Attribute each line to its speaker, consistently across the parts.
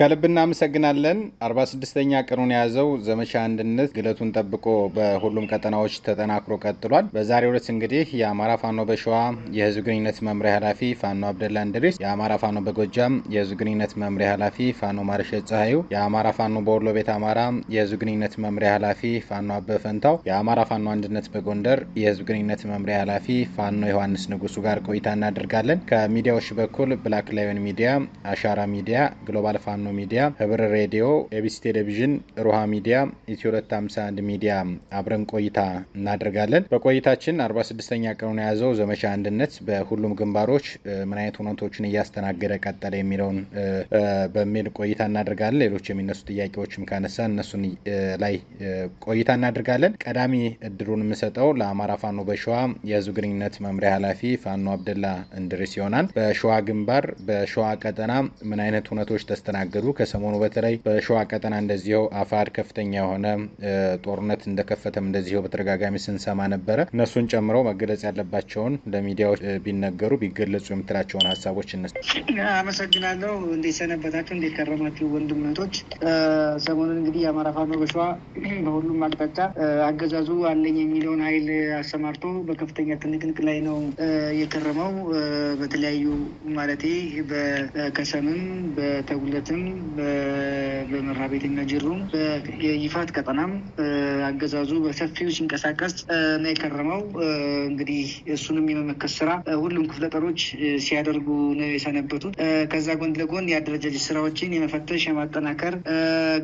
Speaker 1: ከልብ እናመሰግናለን። 46 46ኛ ቀኑን የያዘው ዘመቻ አንድነት ግለቱን ጠብቆ በሁሉም ቀጠናዎች ተጠናክሮ ቀጥሏል። በዛሬው ዕለት እንግዲህ የአማራ ፋኖ በሸዋ የህዝብ ግንኙነት መምሪያ ኃላፊ ፋኖ አብደላ እንድሪስ፣ የአማራ ፋኖ በጎጃም የህዝብ ግንኙነት መምሪያ ኃላፊ ፋኖ ማርሸ ጸሐዩ፣ የአማራ ፋኖ በወሎ ቤት አማራ የህዝብ ግንኙነት መምሪያ ኃላፊ ፋኖ አበፈንታው ፈንታው፣ የአማራ ፋኖ አንድነት በጎንደር የህዝብ ግንኙነት መምሪያ ኃላፊ ፋኖ ዮሐንስ ንጉሱ ጋር ቆይታ እናደርጋለን። ከሚዲያዎች በኩል ብላክ ላዮን ሚዲያ፣ አሻራ ሚዲያ፣ ግሎባል ፋኖ ፋኖ ሚዲያ፣ ህብር ሬዲዮ፣ ኤቢሲ ቴሌቪዥን፣ ሮሃ ሚዲያ፣ ኢትዮ 251 ሚዲያ አብረን ቆይታ እናደርጋለን። በቆይታችን 46ኛ ቀኑን የያዘው ዘመቻ አንድነት በሁሉም ግንባሮች ምን አይነት ሁነቶችን እያስተናገደ ቀጠለ የሚለውን በሚል ቆይታ እናደርጋለን። ሌሎች የሚነሱ ጥያቄዎችም ካነሳ እነሱን ላይ ቆይታ እናደርጋለን። ቀዳሚ እድሉን የምሰጠው ለአማራ ፋኖ በሸዋ የህዝብ ግንኙነት መምሪያ ኃላፊ ፋኖ አብደላ እንድሪስ ይሆናል። በሸዋ ግንባር በሸዋ ቀጠና ምን አይነት ሁነቶች ተስተናገዱ ሲናገሩ ከሰሞኑ በተለይ በሸዋ ቀጠና እንደዚው አፋር ከፍተኛ የሆነ ጦርነት እንደከፈተም እንደዚው በተደጋጋሚ ስንሰማ ነበረ። እነሱን ጨምረው መገለጽ ያለባቸውን ለሚዲያዎች ቢነገሩ ቢገለጹ የምትላቸውን ሀሳቦች እነ
Speaker 2: አመሰግናለሁ። እንዴት ሰነበታችሁ? እንዴት ከረማችሁ? ወንድም እህቶች፣ ሰሞኑን እንግዲህ የአማራ ፋኖ በሸዋ በሁሉም አቅጣጫ አገዛዙ አለኝ የሚለውን ኃይል አሰማርቶ በከፍተኛ ትንቅንቅ ላይ ነው የከረመው። በተለያዩ ማለቴ በከሰምም በተጉለትም በመርሃቤቴና ጅሩም የይፋት ቀጠናም አገዛዙ በሰፊው ሲንቀሳቀስ ነው የከረመው። እንግዲህ እሱንም የመመከት ስራ ሁሉም ክፍለ ጦሮች ሲያደርጉ ነው የሰነበቱት። ከዛ ጎን ለጎን የአደረጃጀት ስራዎችን የመፈተሽ የማጠናከር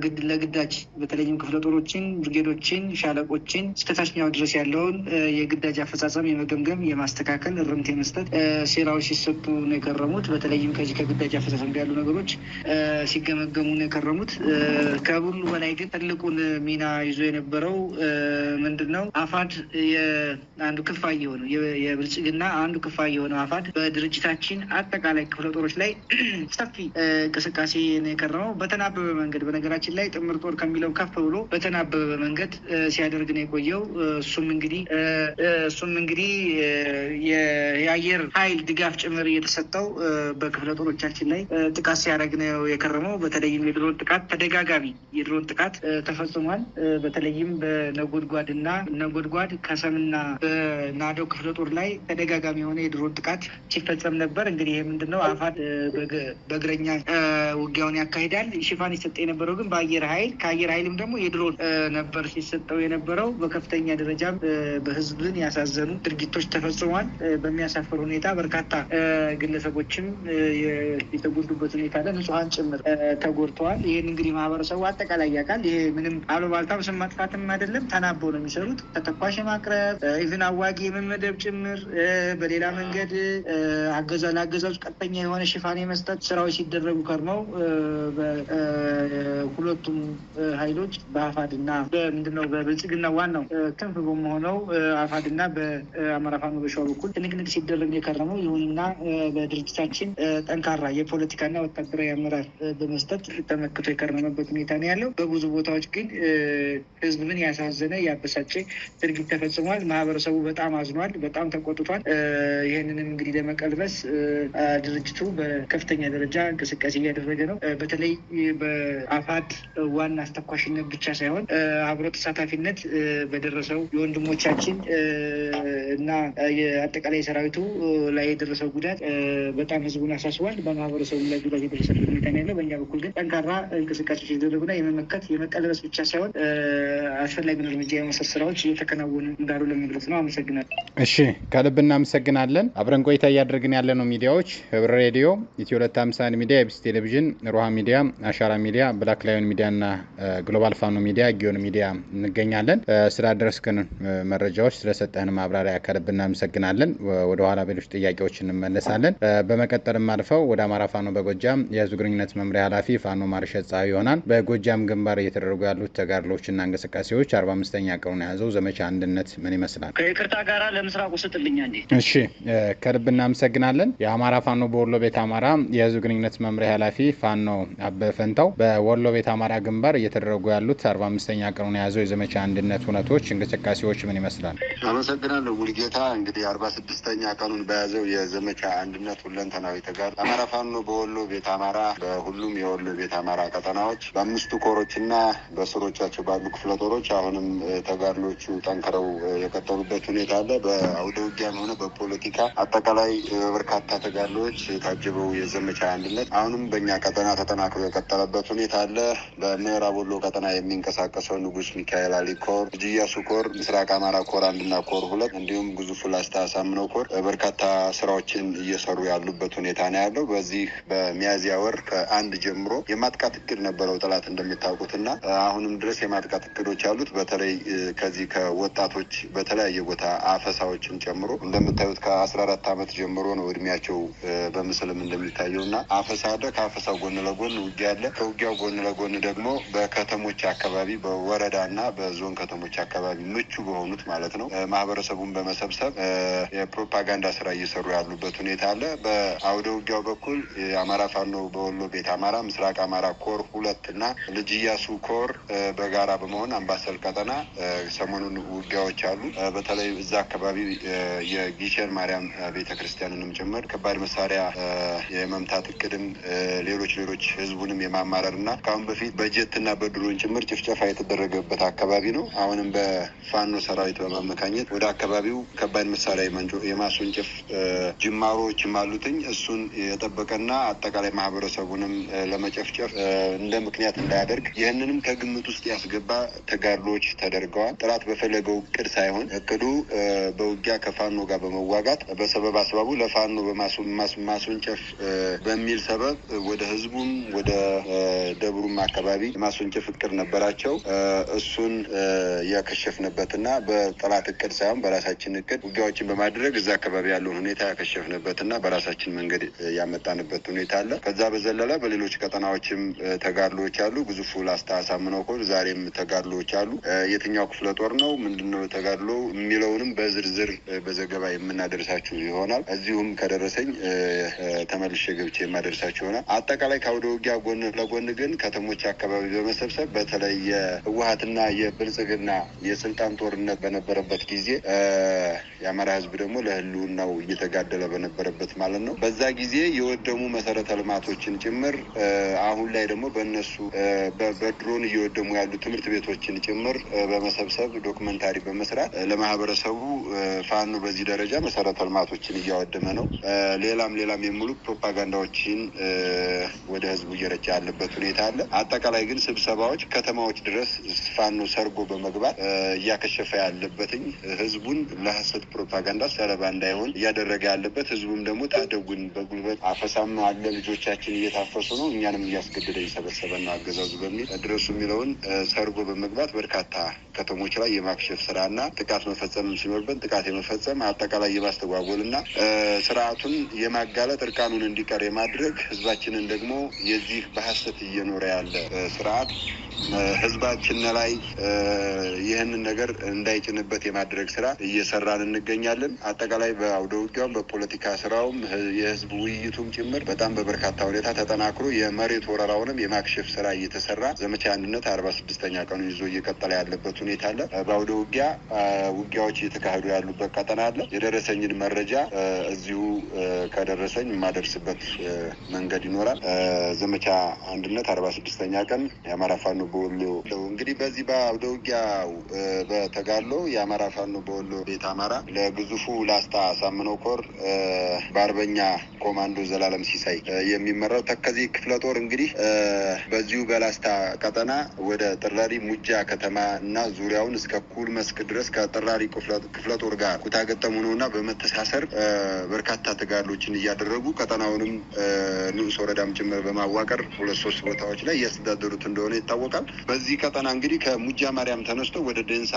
Speaker 2: ግድ ለግዳጅ በተለይም ክፍለ ጦሮችን፣ ብርጌዶችን፣ ሻለቆችን እስከታችኛው ድረስ ያለውን የግዳጅ አፈጻጸም የመገምገም የማስተካከል እርምት የመስጠት ስራዎች ሲሰጡ ነው የከረሙት። በተለይም ከዚህ ከግዳጅ አፈጻጸም ያሉ ነገሮች ሲገመገሙ ነው የከረሙት። ከሁሉ በላይ ግን ትልቁን ሚና ይዞ የነበረው ምንድን ነው አፋድ አንዱ ክፋይ የሆነው የብልጽግና አንዱ ክፋይ የሆነው አፋድ በድርጅታችን አጠቃላይ ክፍለ ጦሮች ላይ ሰፊ እንቅስቃሴ ነው የከረመው በተናበበ መንገድ። በነገራችን ላይ ጥምር ጦር ከሚለው ከፍ ብሎ በተናበበ መንገድ ሲያደርግ ነው የቆየው። እሱም እንግዲህ እሱም እንግዲህ የአየር ኃይል ድጋፍ ጭምር እየተሰጠው በክፍለ ጦሮቻችን ላይ ጥቃት ሲያደርግ ነው የከረ የከረመው። በተለይም የድሮን ጥቃት ተደጋጋሚ የድሮን ጥቃት ተፈጽሟል። በተለይም በነጎድጓድ እና ነጎድጓድ ከሰምና በናዶ ክፍለ ጦር ላይ ተደጋጋሚ የሆነ የድሮን ጥቃት ሲፈጸም ነበር። እንግዲህ ይህ ምንድን ነው አፋድ በእግረኛ ውጊያውን ያካሂዳል። ሽፋን ይሰጠ የነበረው ግን በአየር ኃይል ከአየር ኃይልም ደግሞ የድሮን ነበር ሲሰጠው የነበረው። በከፍተኛ ደረጃ በህዝብን ያሳዘኑ ድርጊቶች ተፈጽሟል። በሚያሳፍር ሁኔታ በርካታ ግለሰቦችም የተጎዱበት ሁኔታ አለ፣ ንጹሀን ጭምር ተጎድተዋል። ይህን እንግዲህ ማህበረሰቡ አጠቃላይ ያውቃል። ይሄ ምንም አሉባልታም ስም ማጥፋትም አይደለም። ተናቦ ነው የሚሰሩት። ተተኳሽ ማቅረብ፣ ኢቭን አዋጊ የመመደብ ጭምር በሌላ መንገድ አገዛ ለአገዛዙ ቀጥተኛ የሆነ ሽፋን የመስጠት ስራዎች ሲደረጉ ከርመው በሁለቱም ኃይሎች በአፋድና ምንድነው በብልጽግና ዋናው ክንፍ በመሆነው አፋድና በአማራ ፋኖ በሸዋ በኩል ትንቅንቅ ሲደረግ የከረመው ይሁንና በድርጅታችን ጠንካራ የፖለቲካና ወታደራዊ አመራር በመስጠት ተመክቶ የከረመበት ሁኔታ ነው ያለው። በብዙ ቦታዎች ግን ህዝብን ያሳዘነ ያበሳጨ ድርጊት ተፈጽሟል። ማህበረሰቡ በጣም አዝኗል፣ በጣም ተቆጥቷል። ይህንንም እንግዲህ ለመቀልበስ ድርጅቱ በከፍተኛ ደረጃ እንቅስቃሴ እያደረገ ነው። በተለይ በአፋድ ዋና አስተኳሽነት ብቻ ሳይሆን አብሮ ተሳታፊነት በደረሰው የወንድሞቻችን እና የአጠቃላይ ሰራዊቱ ላይ የደረሰው ጉዳት በጣም ህዝቡን አሳስቧል። በማህበረሰቡ ላይ ጉዳት የደረሰበት ሁኔታ ነው ያለው። በእኛ በኩል ግን ጠንካራ እንቅስቃሴዎች የተደረጉና የመመከት የመቀለበስ ብቻ ሳይሆን አስፈላጊውን እርምጃ የመውሰድ ስራዎች እየተከናወኑ እንዳሉ ለመግለጽ ነው። አመሰግናለሁ።
Speaker 1: እሺ፣ ከልብ እናመሰግናለን። አብረን ቆይታ እያደረግን ያለ ነው ሚዲያዎች ህብር ሬዲዮ፣ ኢትዮ ሁለት ሃምሳ አንድ ሚዲያ፣ ኤቢሲ ቴሌቪዥን፣ ሮሃ ሚዲያ፣ አሻራ ሚዲያ፣ ብላክ ላዮን ሚዲያና ግሎባል ፋኖ ሚዲያ፣ ጊዮን ሚዲያ እንገኛለን። ስላደረስክን መረጃዎች ስለሰጠህን ማብራሪያ ከልብ እናመሰግናለን። ወደኋላ ሌሎች ጥያቄዎች እንመለሳለን። በመቀጠልም አልፈው ወደ አማራ ፋኖ በጎጃም የህዝብ ግንኙነት መምሪያ መምሪያ ኃላፊ ፋኖ ማርሸት ፀሐይ ይሆናል። በጎጃም ግንባር እየተደረጉ ያሉት ተጋድሎችና እንቅስቃሴዎች አርባ አምስተኛ ቀኑን የያዘው ዘመቻ አንድነት ምን ይመስላል?
Speaker 3: ከይቅርታ ጋራ ለምስራቅ ውስጥልኛ
Speaker 1: እሺ ከልብ እናመሰግናለን። የአማራ ፋኖ በወሎ ቤት አማራ የህዝብ ግንኙነት መምሪያ ኃላፊ ፋኖ አበፈንታው በወሎ ቤት አማራ ግንባር እየተደረጉ ያሉት አርባ አምስተኛ ቀኑን የያዘው የዘመቻ አንድነት እውነቶች እንቅስቃሴዎች ምን ይመስላል?
Speaker 4: አመሰግናለሁ ሙልጌታ። እንግዲህ አርባ ስድስተኛ ቀኑን በያዘው የዘመቻ አንድነት ሁለንተናዊ ተጋድሎ አማራ ፋኖ በወሎ ቤት አማራ በሁሉ በሁሉም የወሎ ቤት አማራ ቀጠናዎች በአምስቱ ኮሮችና በስሮቻቸው ባሉ ክፍለ ጦሮች አሁንም ተጋድሎቹ ጠንክረው የቀጠሉበት ሁኔታ አለ። በአውደ ውጊያም ሆነ በፖለቲካ አጠቃላይ በርካታ ተጋድሎዎች የታጀበው የዘመቻ አንድነት አሁንም በእኛ ቀጠና ተጠናክሮ የቀጠለበት ሁኔታ አለ። በምዕራብ ወሎ ቀጠና የሚንቀሳቀሰው ንጉስ ሚካኤል አሊ ኮር፣ ጅያሱ ኮር፣ ምስራቅ አማራ ኮር አንድና ኮር ሁለት እንዲሁም ግዙፉ ላስታ አሳምነው ኮር በርካታ ስራዎችን እየሰሩ ያሉበት ሁኔታ ነው ያለው። በዚህ በሚያዝያ ወር ከአንድ አንድ ጀምሮ የማጥቃት እቅድ ነበረው ጠላት እንደሚታወቁትና አሁንም ድረስ የማጥቃት እቅዶች አሉት በተለይ ከዚህ ከወጣቶች በተለያየ ቦታ አፈሳዎችን ጨምሮ እንደምታዩት ከአስራ አራት ዓመት ጀምሮ ነው እድሜያቸው በምስልም እንደሚታየውና አፈሳ አለ። ከአፈሳው ጎን ለጎን ውጊያ አለ። ከውጊያው ጎን ለጎን ደግሞ በከተሞች አካባቢ በወረዳና በዞን ከተሞች አካባቢ ምቹ በሆኑት ማለት ነው ማህበረሰቡን በመሰብሰብ የፕሮፓጋንዳ ስራ እየሰሩ ያሉበት ሁኔታ አለ። በአውደ ውጊያው በኩል የአማራ ፋኖ በወሎ ቤት አማራ፣ ምስራቅ አማራ ኮር ሁለት እና ልጅ እያሱ ኮር በጋራ በመሆን አምባሰል ቀጠና ሰሞኑን ውጊያዎች አሉ። በተለይ እዛ አካባቢ የጊሸን ማርያም ቤተ ክርስቲያንንም ጭምር ከባድ መሳሪያ የመምታት እቅድም ሌሎች ሌሎች ህዝቡንም የማማረር እና ከአሁን በፊት በጀትና በድሮን ጭምር ጭፍጨፋ የተደረገበት አካባቢ ነው። አሁንም በፋኖ ሰራዊት በማመካኘት ወደ አካባቢው ከባድ መሳሪያ የማስወንጨፍ ጅማሮዎችም አሉትኝ እሱን የጠበቀና አጠቃላይ ማህበረሰቡንም ለመጨፍጨፍ እንደ ምክንያት እንዳያደርግ ይህንንም ከግምት ውስጥ ያስገባ ተጋድሎች ተደርገዋል። ጥራት በፈለገው እቅድ ሳይሆን እቅዱ በውጊያ ከፋኖ ጋር በመዋጋት በሰበብ አስባቡ ለፋኖ በማስወንጨፍ በሚል ሰበብ ወደ ህዝቡም ወደ ደብሩም አካባቢ የማስወንጨፍ እቅድ ነበራቸው። እሱን ያከሸፍንበትና በጠላት እቅድ ሳይሆን በራሳችን እቅድ ውጊያዎችን በማድረግ እዛ አካባቢ ያለውን ሁኔታ ያከሸፍንበትና በራሳችን መንገድ ያመጣንበት ሁኔታ አለ። ከዛ በዘለለ በሌሎች ቀጠናዎችም ተጋድሎዎች አሉ። ግዙፉ ላስታ አሳምነው ኮር ዛሬም ተጋድሎዎች አሉ። የትኛው ክፍለ ጦር ነው ምንድን ነው ተጋድሎ የሚለውንም በዝርዝር በዘገባ የምናደርሳችሁ ይሆናል። እዚሁም ከደረሰኝ ተመልሼ ገብቼ የማደርሳችሁ ይሆናል። አጠቃላይ ከአውደ ውጊያ ጎን ለጎን ግን ከተሞች አካባቢ በመሰብሰብ በተለይ የህወሀትና የብልጽግና የስልጣን ጦርነት በነበረበት ጊዜ የአማራ ህዝብ ደግሞ ለህልውናው እየተጋደለ በነበረበት ማለት ነው በዛ ጊዜ የወደሙ መሰረተ ልማቶችን ጭምር አሁን ላይ ደግሞ በእነሱ በድሮን እየወደሙ ያሉ ትምህርት ቤቶችን ጭምር በመሰብሰብ ዶክመንታሪ በመስራት ለማህበረሰቡ ፋኖ በዚህ ደረጃ መሰረተ ልማቶችን እያወደመ ነው፣ ሌላም ሌላም የሚሉ ፕሮፓጋንዳዎችን ወደ ህዝቡ እየረጨ ያለበት ሁኔታ አለ። አጠቃላይ ግን ስብሰባዎች ከተማዎች ድረስ ፋኖ ሰርጎ በመግባት እያከሸፈ ያለበትኝ ህዝቡን ለሀሰት ፕሮፓጋንዳ ሰለባ እንዳይሆን እያደረገ ያለበት ህዝቡም ደግሞ ታደጉን በጉልበት አፈሳም አለ ልጆቻችን እየታፈሱ ነው እኛንም እያስገደደ እየሰበሰበ ነው አገዛዙ በሚል ድረሱ የሚለውን ሰርጎ በመግባት በርካታ ከተሞች ላይ የማክሸፍ ስራና ጥቃት መፈጸም ሲኖርብን ጥቃት የመፈጸም አጠቃላይ የማስተጓጎልና ስርዓቱን የማጋለጥ እርቃኑን እንዲቀር የማድረግ ህዝባችንን ደግሞ የዚህ በሀሰት እየኖረ ያለ ስርዓት ህዝባችን ላይ ይህንን ነገር እንዳይጭንበት የማድረግ ስራ እየሰራን እንገኛለን። አጠቃላይ በአውደ ውጊያውም በፖለቲካ ስራውም የህዝብ ውይይቱም ጭምር በጣም በበርካታ ሁኔታ ተጠናክሮ የመሬት ወረራውንም የማክሸፍ ስራ እየተሰራ ዘመቻ አንድነት አርባ ስድስተኛ ቀኑ ይዞ እየቀጠለ ያለበት ሁኔታ አለ። በአውደ ውጊያ ውጊያዎች እየተካሄዱ ያሉበት ቀጠና አለ። የደረሰኝን መረጃ እዚሁ ከደረሰኝ የማደርስበት መንገድ ይኖራል። ዘመቻ አንድነት አርባ ስድስተኛ ቀን የአማራ ፋኖ በወሎ እንግዲህ በዚህ በአውደ ውጊያ በተጋሎ የአማራ ፋኖ በወሎ ቤት አማራ ለግዙፉ ላስታ ሳምነው ኮር በአርበኛ ኮማንዶ ዘላለም ሲሳይ የሚመራው ተከዚ ክፍለ ጦር እንግዲህ በዚሁ በላስታ ቀጠና ወደ ጥራሪ ሙጃ ከተማ እና ዙሪያውን እስከ ኩል መስክ ድረስ ከጠራሪ ክፍለ ጦር ጋር ነው እና በመተሳሰር በርካታ ተጋድሎችን እያደረጉ ቀጠናውንም ንዑስ ወረዳም ጭምር በማዋቀር ሁለት ሶስት ቦታዎች ላይ እያስተዳደሩት እንደሆነ ይታወቃል። በዚህ ቀጠና እንግዲህ ከሙጃ ማርያም ተነስቶ ወደ ደንሳ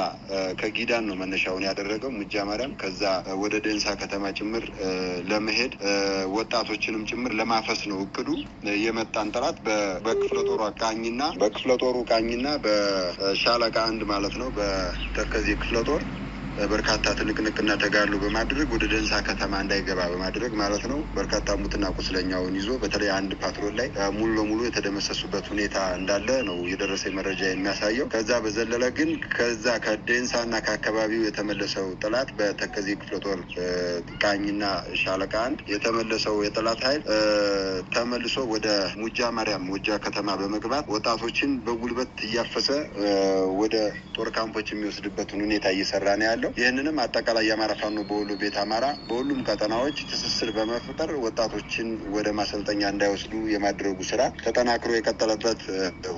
Speaker 4: ከጊዳን ነው መነሻውን ያደረገው ሙጃ ማርያም፣ ከዛ ወደ ደንሳ ከተማ ጭምር ለመሄድ ወጣቶችንም ጭምር ለማፈስ ነው እቅዱ። የመጣን ጠላት በክፍለ ጦሩ ቃኝና በክፍለ ጦሩ ቃኝና በሻለቃ አንድ ማለት ማለት ነው በተከዜ ክፍለ ጦር በርካታ ትንቅንቅና ተጋድሎ በማድረግ ወደ ደንሳ ከተማ እንዳይገባ በማድረግ ማለት ነው። በርካታ ሙትና ቁስለኛውን ይዞ በተለይ አንድ ፓትሮል ላይ ሙሉ ለሙሉ የተደመሰሱበት ሁኔታ እንዳለ ነው የደረሰ መረጃ የሚያሳየው። ከዛ በዘለለ ግን ከዛ ከደንሳና ከአካባቢው የተመለሰው ጠላት በተከዜ ክፍለ ጦር ቃኝና ሻለቃ አንድ የተመለሰው የጠላት ኃይል ተመልሶ ወደ ሙጃ ማርያም ሙጃ ከተማ በመግባት ወጣቶችን በጉልበት እያፈሰ ወደ ጦር ካምፖች የሚወስድበትን ሁኔታ እየሰራ ነው ያለው። አደርጋለሁ። ይህንንም አጠቃላይ የአማራ ፋኖ በወሎ ቤት አማራ በሁሉም ቀጠናዎች ትስስር በመፍጠር ወጣቶችን ወደ ማሰልጠኛ እንዳይወስዱ የማድረጉ ስራ ተጠናክሮ የቀጠለበት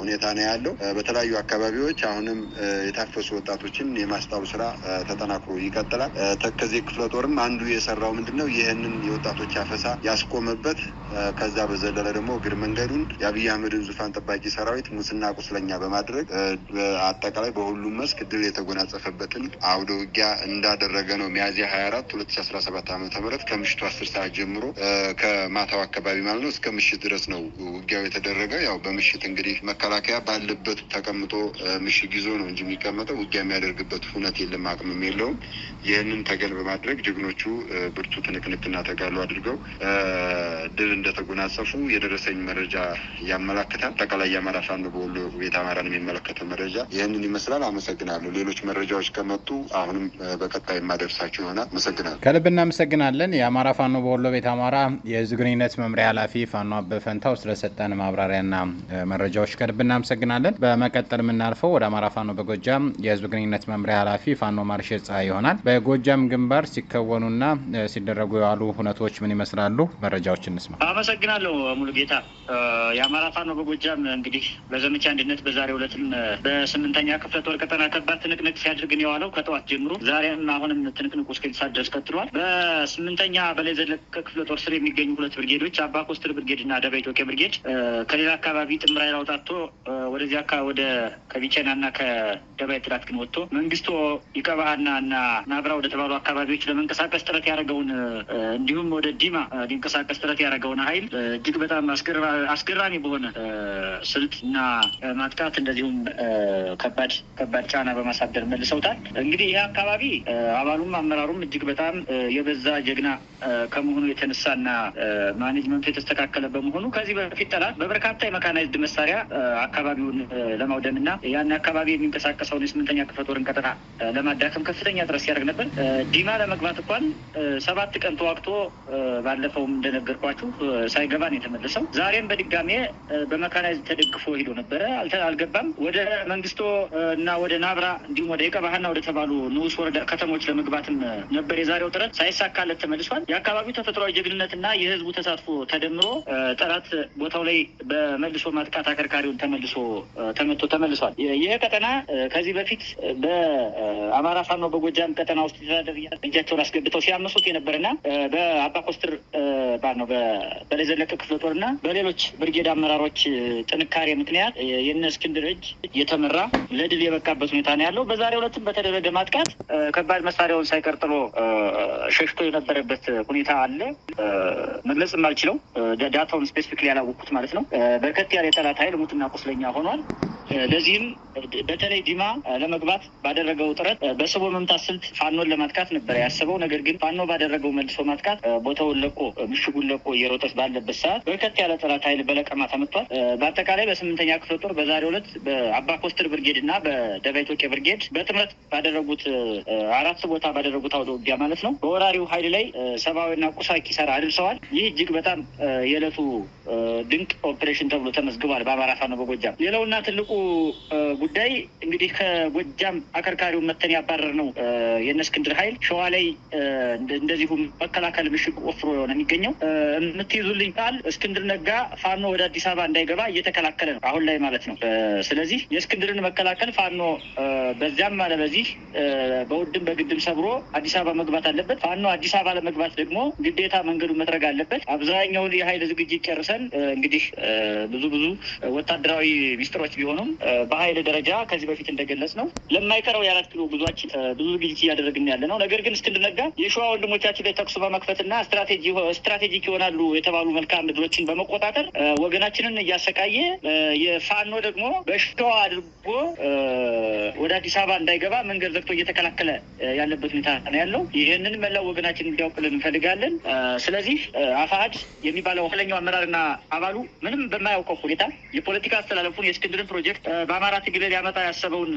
Speaker 4: ሁኔታ ነው ያለው። በተለያዩ አካባቢዎች አሁንም የታፈሱ ወጣቶችን የማስጣሉ ስራ ተጠናክሮ ይቀጥላል። ከዚህ ክፍለ ጦርም አንዱ የሰራው ምንድን ነው? ይህንን የወጣቶች አፈሳ ያስቆመበት፣ ከዛ በዘለለ ደግሞ እግር መንገዱን የአብይ አህመድን ዙፋን ጠባቂ ሰራዊት ሙስና ቁስለኛ በማድረግ አጠቃላይ በሁሉም መስክ ድል የተጎናጸፈበትን አውደ ውጊያ ውጊያ እንዳደረገ ነው ሚያዝያ ሀያ አራት ሁለት ሺ አስራ ሰባት ከምሽቱ አስር ሰዓት ጀምሮ ከማታው አካባቢ ማለት ነው እስከ ምሽት ድረስ ነው ውጊያው የተደረገ። ያው በምሽት እንግዲህ መከላከያ ባለበት ተቀምጦ ምሽግ ይዞ ነው እንጂ የሚቀመጠው ውጊያ የሚያደርግበት ሁነት የለም፣ አቅምም የለውም። ይህንን ተገን በማድረግ ጀግኖቹ ብርቱ ትንቅንቅና ተጋሉ አድርገው ድል እንደተጎናጸፉ የደረሰኝ መረጃ ያመላክታል። አጠቃላይ የአማራ ፋኖ በወሎ ቤት አማራን የሚመለከተው መረጃ ይህንን ይመስላል። አመሰግናለሁ። ሌሎች መረጃዎች ከመጡ አሁንም በቀጣይ የማደርሳቸው ይሆናል። አመሰግናለሁ።
Speaker 1: ከልብ እናመሰግናለን። የአማራ ፋኖ በወሎ ቤት አማራ የህዝብ ግንኙነት መምሪያ ኃላፊ ፋኖ አበፈንታው ስለሰጠን ማብራሪያና መረጃዎች ከልብ እናመሰግናለን። በመቀጠል የምናልፈው ወደ አማራ ፋኖ በጎጃም የህዝብ ግንኙነት መምሪያ ኃላፊ ፋኖ ማርሽ ይሆናል። በጎጃም ግንባር ሲከወኑና ሲደረጉ የዋሉ ሁነቶች ምን ይመስላሉ? መረጃዎች እንስማ።
Speaker 3: አመሰግናለሁ ጌታ። የአማራ ፋኖ በጎጃም እንግዲህ በዘመቻ አንድነት በዛሬው ዕለትም በስምንተኛ ክፍለ ጦር ቀጠና ከባድ ትንቅንቅ ሲያደርግን የዋለው ከጠዋት ጀምሮ ዛሬም አሁንም ትንቅንቁ እስከተሳት ድረስ ቀጥሏል። በስምንተኛ በላይ ዘለቀ ክፍለ ጦር ስር የሚገኙ ሁለት ብርጌዶች አባ ኮስትር ብርጌድ እና ደባ ኢትዮጵያ ብርጌድ ከሌላ አካባቢ ጥምር ኃይል አውጣቶ ወደዚያ አካባቢ ወደ ከቢቸና እና ከደባ ጥላት ግን ወጥቶ መንግስቶ ይቀባሃና እና ናብራ ወደ ተባሉ አካባቢዎች ለመንቀሳቀስ ጥረት ያደረገውን እንዲሁም ወደ ዲማ ሊንቀሳቀስ ጥረት ያደረገውን ኃይል እጅግ በጣም አስገራሚ በሆነ ስልት እና ማጥቃት እንደዚሁም ከባድ ከባድ ጫና በማሳደር መልሰውታል። እንግዲህ ይህ አካባቢ አባሉም አመራሩም እጅግ በጣም የበዛ ጀግና ከመሆኑ የተነሳና ማኔጅመንቱ የተስተካከለ በመሆኑ ከዚህ በፊት ጠላት በበርካታ የመካናይዝድ መሳሪያ አካባቢውን ለማውደምና ያን አካባቢ የሚንቀሳቀሰውን የስምንተኛ ክፍለ ጦርን ቀጠና ለማዳከም ከፍተኛ ጥረት ሲያደርግ ነበር። ዲማ ለመግባት እንኳን ሰባት ቀን ተዋግቶ ባለፈውም እንደነገርኳችሁ ሳይገባን የተመለሰው ዛሬም በድጋሜ በመካናይዝድ ተደግፎ ሂዶ ነበረ። አልገባም። ወደ መንግስቶ እና ወደ ናብራ እንዲሁም ወደ የቀባህና ወደ ተባሉ ንዑስ ንዑስ ወረዳ ከተሞች ለመግባትም ነበር የዛሬው ጥረት ሳይሳካለት ተመልሷል። የአካባቢው ተፈጥሯዊ ጀግንነትና የህዝቡ ተሳትፎ ተደምሮ ጥረት ቦታው ላይ በመልሶ ማጥቃት አከርካሪውን ተመልሶ ተመቶ ተመልሷል። ይህ ቀጠና ከዚህ በፊት በአማራ ፋኖ በጎጃም ቀጠና ውስጥ የተዳደር እጃቸውን አስገብተው ሲያመሱት የነበረና በአባኮስትር ኮስትር ነው በላይ ክፍለ ጦርና በሌሎች ብርጌድ አመራሮች ጥንካሬ ምክንያት የነ እስክንድር እጅ የተመራ ለድል የበቃበት ሁኔታ ነው ያለው። በዛሬው ዕለትም በተደረገ ማጥቃት ከባድ መሳሪያውን ሳይቀርጥሎ ሸሽቶ የነበረበት ሁኔታ አለ። መግለጽ የማልችለው ዳታውን ስፔሲፊክ ያላወቅኩት ማለት ነው። በርከት ያለ የጠላት ኃይል ሙትና ቁስለኛ ሆኗል። ለዚህም በተለይ ዲማ ለመግባት ባደረገው ጥረት በስቦ መምታት ስልት ፋኖን ለማጥቃት ነበረ ያሰበው። ነገር ግን ፋኖ ባደረገው መልሶ ማጥቃት ቦታውን ለቆ ምሽጉን ለቆ እየሮጠት ባለበት ሰዓት በርከት ያለ ጠላት ኃይል በለቀማ ተመቷል። በአጠቃላይ በስምንተኛ ክፍለ ጦር በዛሬው ዕለት በአባ ኮስትር ብርጌድ እና በደባይ ብርጌድ በጥምረት ባደረጉት አራት ቦታ ባደረጉት አውደ ውጊያ ማለት ነው በወራሪው ኃይል ላይ ሰብአዊና ቁሳዊ ኪሳራ አድርሰዋል። ይህ እጅግ በጣም የዕለቱ ድንቅ ኦፕሬሽን ተብሎ ተመዝግቧል በአማራ ፋኖ በጎጃም። ሌላውና ትልቁ ጉዳይ እንግዲህ ከጎጃም አከርካሪውን መተን ያባረር ነው የነ እስክንድር ኃይል ሸዋ ላይ እንደዚሁም መከላከል ምሽግ ቆፍሮ የሆነ የሚገኘው የምትይዙልኝ ቃል እስክንድር ነጋ ፋኖ ወደ አዲስ አበባ እንዳይገባ እየተከላከለ ነው አሁን ላይ ማለት ነው። ስለዚህ የእስክንድርን መከላከል ፋኖ በዚያም አለ በዚህ በውድም በግድም ሰብሮ አዲስ አበባ መግባት አለበት። ፋኖ አዲስ አበባ ለመግባት ደግሞ ግዴታ መንገዱ መጥረግ አለበት። አብዛኛውን የሀይል ዝግጅት ጨርሰን እንግዲህ ብዙ ብዙ ወታደራዊ ሚስጥሮች ቢሆኑም በሀይል ደረጃ ከዚህ በፊት እንደገለጽ ነው ለማይቀረው የአራት ኪሎ ጉዟችን ብዙ ዝግጅት እያደረግን ያለ ነው። ነገር ግን እስክንድር ነጋ የሸዋ ወንድሞቻችን ላይ ተኩስ በመክፈትና ስትራቴጂክ ይሆናሉ የተባሉ መልካም ምድሮችን በመቆጣጠር ወገናችንን እያሰቃየ የፋኖ ደግሞ በሸዋ አድርጎ ወደ አዲስ አበባ እንዳይገባ መንገድ ዘግቶ እየተከላ እየተስተካከለ ያለበት ሁኔታ ነው ያለው። ይህንን መላው ወገናችን እንዲያውቅልን እንፈልጋለን። ስለዚህ አፋሀድ የሚባለው ኋለኛው አመራርና አባሉ ምንም በማያውቀው ሁኔታ የፖለቲካ አስተላለፉን የእስክንድርን ፕሮጀክት በአማራ ትግል ሊያመጣ ያሰበውን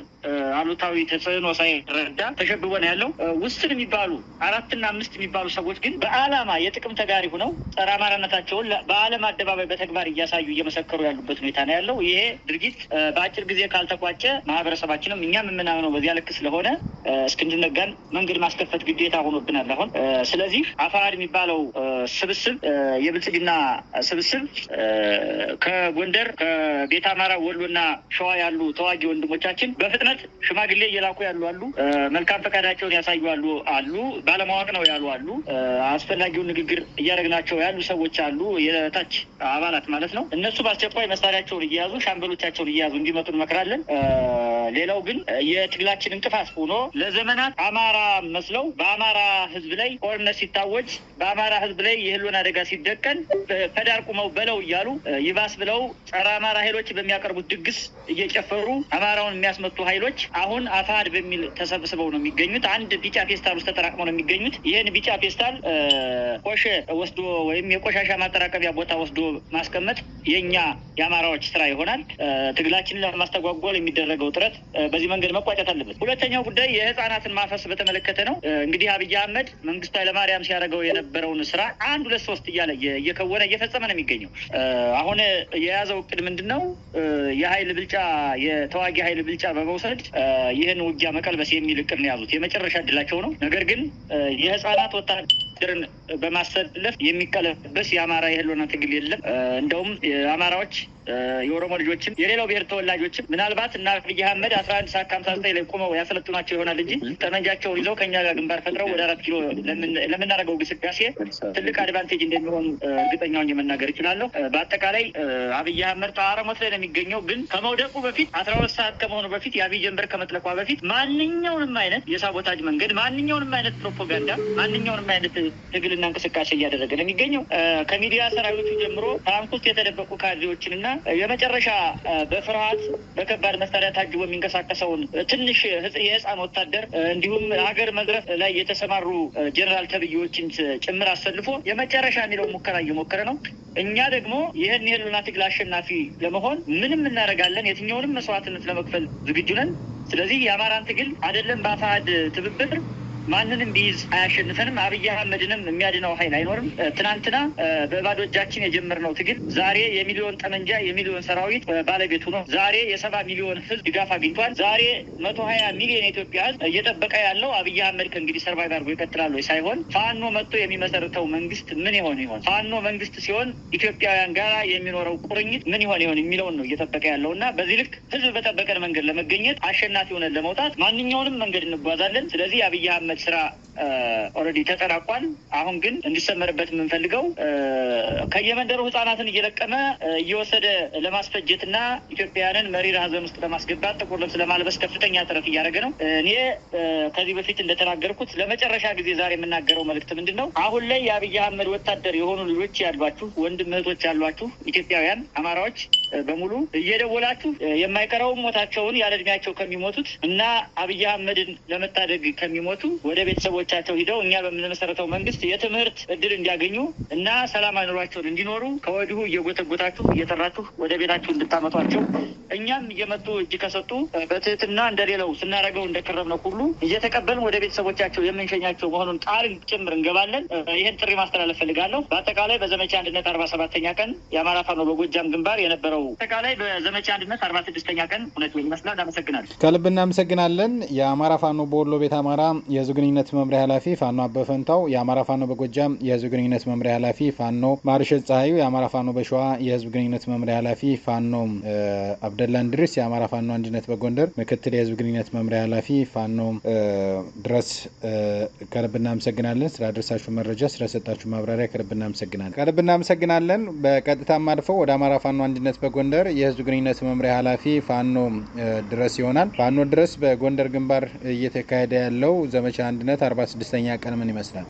Speaker 3: አሉታዊ ተጽዕኖ ሳይረዳ ተሸብቦ ነው ያለው። ውስን የሚባሉ አራትና አምስት የሚባሉ ሰዎች ግን በአላማ የጥቅም ተጋሪ ሆነው ጸረ አማራነታቸውን በአለም አደባባይ በተግባር እያሳዩ እየመሰከሩ ያሉበት ሁኔታ ነው ያለው። ይሄ ድርጊት በአጭር ጊዜ ካልተቋጨ ማህበረሰባችንም እኛም የምናምነው በዚያ ልክ ስለሆነ እስክንድር ነጋን መንገድ ማስከፈት ግዴታ ሆኖብናል አሁን። ስለዚህ አፋር የሚባለው ስብስብ የብልጽግና ስብስብ ከጎንደር ከቤተ አማራ ወሎና ሸዋ ያሉ ተዋጊ ወንድሞቻችን በፍጥነት ሽማግሌ እየላኩ ያሉ አሉ፣ መልካም ፈቃዳቸውን ያሳዩ አሉ አሉ፣ ባለማወቅ ነው ያሉ አሉ፣ አስፈላጊውን ንግግር እያደረግናቸው ያሉ ሰዎች አሉ፣ የታች አባላት ማለት ነው። እነሱ በአስቸኳይ መሳሪያቸውን እየያዙ ሻምበሎቻቸውን እየያዙ እንዲመጡ እንመክራለን። ሌላው ግን የትግላችን እንቅፋት ሆኖ ለዘመናት አማራ መስለው በአማራ ህዝብ ላይ ጦርነት ሲታወጅ በአማራ ህዝብ ላይ የህልውና አደጋ ሲደቀን ፈዳር ቁመው በለው እያሉ ይባስ ብለው ጸረ አማራ ኃይሎች በሚያቀርቡት ድግስ እየጨፈሩ አማራውን የሚያስመቱ ኃይሎች አሁን አፋድ በሚል ተሰብስበው ነው የሚገኙት። አንድ ቢጫ ፌስታል ውስጥ ተጠራቅመው ነው የሚገኙት። ይህን ቢጫ ፌስታል ቆሸ ወስዶ ወይም የቆሻሻ ማጠራቀቢያ ቦታ ወስዶ ማስቀመጥ የእኛ የአማራዎች ስራ ይሆናል። ትግላችንን ለማስተጓጎል የሚደረገው ጥረት በፍጥነት በዚህ መንገድ መቋጨት አለበት። ሁለተኛው ጉዳይ የህፃናትን ማፈስ በተመለከተ ነው። እንግዲህ አብይ አህመድ መንግስቱ ኃይለማርያም ሲያደርገው የነበረውን ስራ አንድ ሁለት ሶስት እያለ እየከወነ እየፈጸመ ነው የሚገኘው። አሁን የያዘው እቅድ ምንድን ነው? የሀይል ብልጫ የተዋጊ ሀይል ብልጫ በመውሰድ ይህን ውጊያ መቀልበስ የሚል እቅድ ነው የያዙት። የመጨረሻ እድላቸው ነው። ነገር ግን የህፃናት ወታደርን በማሰለፍ የሚቀለበስ የአማራ የህልውና ትግል የለም። እንደውም አማራዎች የኦሮሞ ልጆችም የሌላው ብሔር ተወላጆችም ምናልባት እና አብይ አህመድ አስራ አንድ ሰዓት ከሀምሳ ዘጠኝ ላይ ቆመው ያሰለጥኗቸው ይሆናል እንጂ ጠመንጃቸውን ይዘው ከኛ ጋር ግንባር ፈጥረው ወደ አራት ኪሎ ለምናደርገው ግስጋሴ ትልቅ አድቫንቴጅ እንደሚሆኑ እርግጠኛውን የመናገር ይችላለሁ። በአጠቃላይ አብይ አህመድ አረሞት ላይ ነው የሚገኘው። ግን ከመውደቁ በፊት አስራ ሁለት ሰዓት ከመሆኑ በፊት የአብይ ጀንበር ከመጥለቋ በፊት ማንኛውንም አይነት የሳቦታጅ መንገድ፣ ማንኛውንም አይነት ፕሮፓጋንዳ፣ ማንኛውንም አይነት ትግልና እንቅስቃሴ እያደረገ ነው የሚገኘው ከሚዲያ ሰራዊቱ ጀምሮ ታንክ ውስጥ የተደበቁ ካድሬዎችን የመጨረሻ በፍርሃት በከባድ መሳሪያ ታጅቦ የሚንቀሳቀሰውን ትንሽ የህፃን ወታደር እንዲሁም ሀገር መድረስ ላይ የተሰማሩ ጀኔራል ተብዬዎችን ጭምር አሰልፎ የመጨረሻ የሚለው ሙከራ እየሞከረ ነው። እኛ ደግሞ ይህን የህልና ትግል አሸናፊ ለመሆን ምንም እናደርጋለን፣ የትኛውንም መስዋዕትነት ለመክፈል ዝግጁ ነን። ስለዚህ የአማራን ትግል አይደለም በአፋሕድ ትብብር ማንንም ቢይዝ አያሸንፈንም። አብይ አህመድንም የሚያድነው ኃይል አይኖርም። ትናንትና በባዶ እጃችን የጀመርነው ትግል ዛሬ የሚሊዮን ጠመንጃ የሚሊዮን ሰራዊት ባለቤቱ ነው። ዛሬ የሰባ ሚሊዮን ህዝብ ድጋፍ አግኝቷል። ዛሬ መቶ ሀያ ሚሊዮን የኢትዮጵያ ህዝብ እየጠበቀ ያለው አብይ አህመድ ከእንግዲህ ሰርቫይቭ አድርጎ ይቀጥላሉ ሳይሆን ፋኖ መጥቶ የሚመሰርተው መንግስት ምን ይሆን ይሆን ፋኖ መንግስት ሲሆን ኢትዮጵያውያን ጋር የሚኖረው ቁርኝት ምን ይሆን ይሆን የሚለውን ነው እየጠበቀ ያለው እና በዚህ ልክ ህዝብ በጠበቀን መንገድ ለመገኘት አሸናፊ ሆነን ለመውጣት ማንኛውንም መንገድ እንጓዛለን። ስለዚህ አብይ አህመድ የአመት ስራ ኦልሬዲ ተጠናቋል። አሁን ግን እንዲሰመርበት የምንፈልገው ከየመንደሩ ህጻናትን እየለቀመ እየወሰደ ለማስፈጀት እና ኢትዮጵያውያንን መሪር ሀዘን ውስጥ ለማስገባት ጥቁር ልብስ ለማልበስ ከፍተኛ ጥረት እያደረገ ነው። እኔ ከዚህ በፊት እንደተናገርኩት ለመጨረሻ ጊዜ ዛሬ የምናገረው መልእክት ምንድን ነው? አሁን ላይ የአብይ አህመድ ወታደር የሆኑ ልጆች ያሏችሁ ወንድም እህቶች ያሏችሁ ኢትዮጵያውያን አማራዎች በሙሉ እየደወላችሁ የማይቀረው ሞታቸውን ያለ እድሜያቸው ከሚሞቱት እና አብይ አህመድን ለመታደግ ከሚሞቱ ወደ ቤተሰቦቻቸው ሂደው እኛ በምንመሰረተው መንግስት የትምህርት እድል እንዲያገኙ እና ሰላም አኑሯቸውን እንዲኖሩ ከወዲሁ እየጎተጎታችሁ እየጠራችሁ ወደ ቤታችሁ እንድታመጧቸው እኛም እየመጡ እጅ ከሰጡ በትህትና እንደሌለው ስናደርገው እንደከረምነው ሁሉ እየተቀበልን ወደ ቤተሰቦቻቸው የምንሸኛቸው መሆኑን ቃል ጭምር እንገባለን። ይህን ጥሪ ማስተላለፍ ፈልጋለሁ። በአጠቃላይ በዘመቻ አንድነት አርባ ሰባተኛ ቀን የአማራ ፋኖ በጎጃም ግንባር የነበረው አጠቃላይ በዘመቻ አንድነት አርባ ስድስተኛ ቀን እውነት ይመስላል። እናመሰግናለን።
Speaker 1: ከልብ እናመሰግናለን። የአማራ ፋኖ በወሎ ቤት አማራ የህዝብ ግንኙነት መምሪያ ኃላፊ ፋኖ አበፈንታው፣ የአማራ ፋኖ በጎጃም የህዝብ ግንኙነት መምሪያ ኃላፊ ፋኖ ማርሸል ፀሐዩ፣ የአማራ ፋኖ በሸዋ የህዝብ ግንኙነት መምሪያ ኃላፊ ፋኖ አብደላ እንድሪስ፣ የአማራ ፋኖ አንድነት በጎንደር ምክትል የህዝብ ግንኙነት መምሪያ ኃላፊ ፋኖ ድረስ ከልብ እናመሰግናለን። ስለ አድረሳችሁ መረጃ ስለሰጣችሁ ማብራሪያ ከልብ እናመሰግናለን። ከልብ እናመሰግናለን። በቀጥታ አልፈው ወደ አማራ ፋኖ አንድነት በጎንደር የህዝብ ግንኙነት መምሪያ ኃላፊ ፋኖ ድረስ ይሆናል። ፋኖ ድረስ በጎንደር ግንባር እየተካሄደ ያለው ዘመቻ አንድነት 46ኛ ቀን ምን ይመስላል?